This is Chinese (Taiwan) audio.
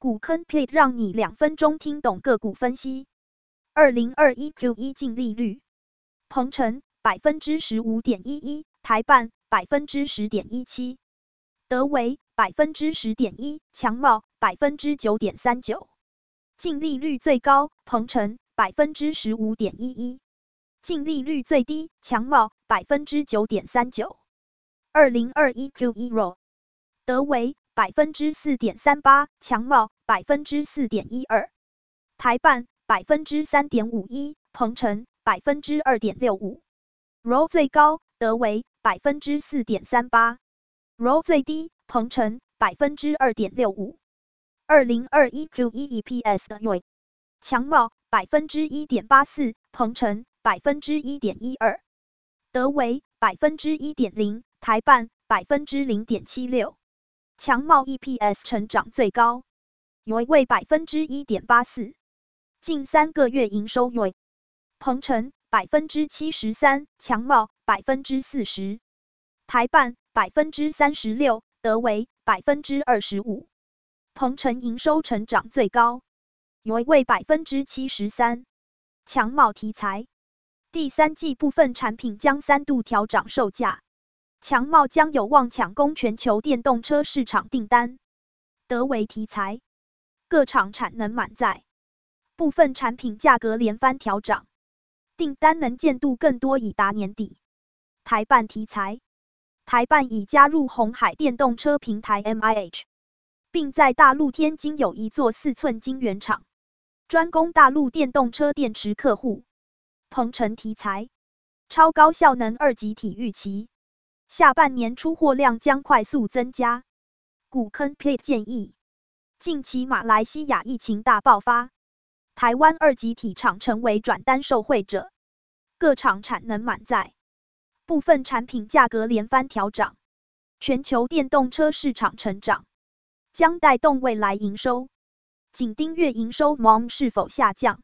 股坑 p l a e 讓你兩分鐘聽懂個股分析。2021Q1 淨利率，朋程百分之十五點一一，台半百分之十點一七，德微百分之十點一，強茂百分之九點三九。淨利率最高朋程百分之十五點一一，淨利率最低強茂百分之九點三九。2021Q1 ROE，德微。百分之四點三八，強茂百分之四點一二，台半百分之三點五一，朋程百分之二點六五。r o l 最高德微百分之四點三八，r o l 最低朋程百分之二點六五。二零二一 Q 一 EPS 的 roll，強茂百分之一點八四，朋程百分之一點一二，德微百分之一點零，台半百分之零點七六。強茂 E P S 成長最高 YoY 百分之一點八四，近三個月營收 YoY 朋程百分之七十三，強茂百分之四十，台半百分之三十六，德微百分之二十五。朋程營收成長最高 YoY 百分之七十三。強茂題材，第三季部分產品將三度調漲售價。強茂將有望搶攻全球電動車市場訂單。德微題材，各廠產能滿載，部分產品價格連番調漲，訂單能見度更多已達年底。台半題材，台半已加入鴻海電動車平台 MIH，並在大陸天津有一座四寸晶圓廠，專攻大陸電動車電池客戶。朋程題材，超高效能二極體預期。下半年出貨量將快速增加。股坑 plate 建議，近期馬來西亞疫情大爆發，台灣二極體廠成為轉單受惠者，各廠產能滿載，部分產品價格連番調漲。全球電動車市場成長將帶動未來營收，緊盯月營收 MoM 是否下降。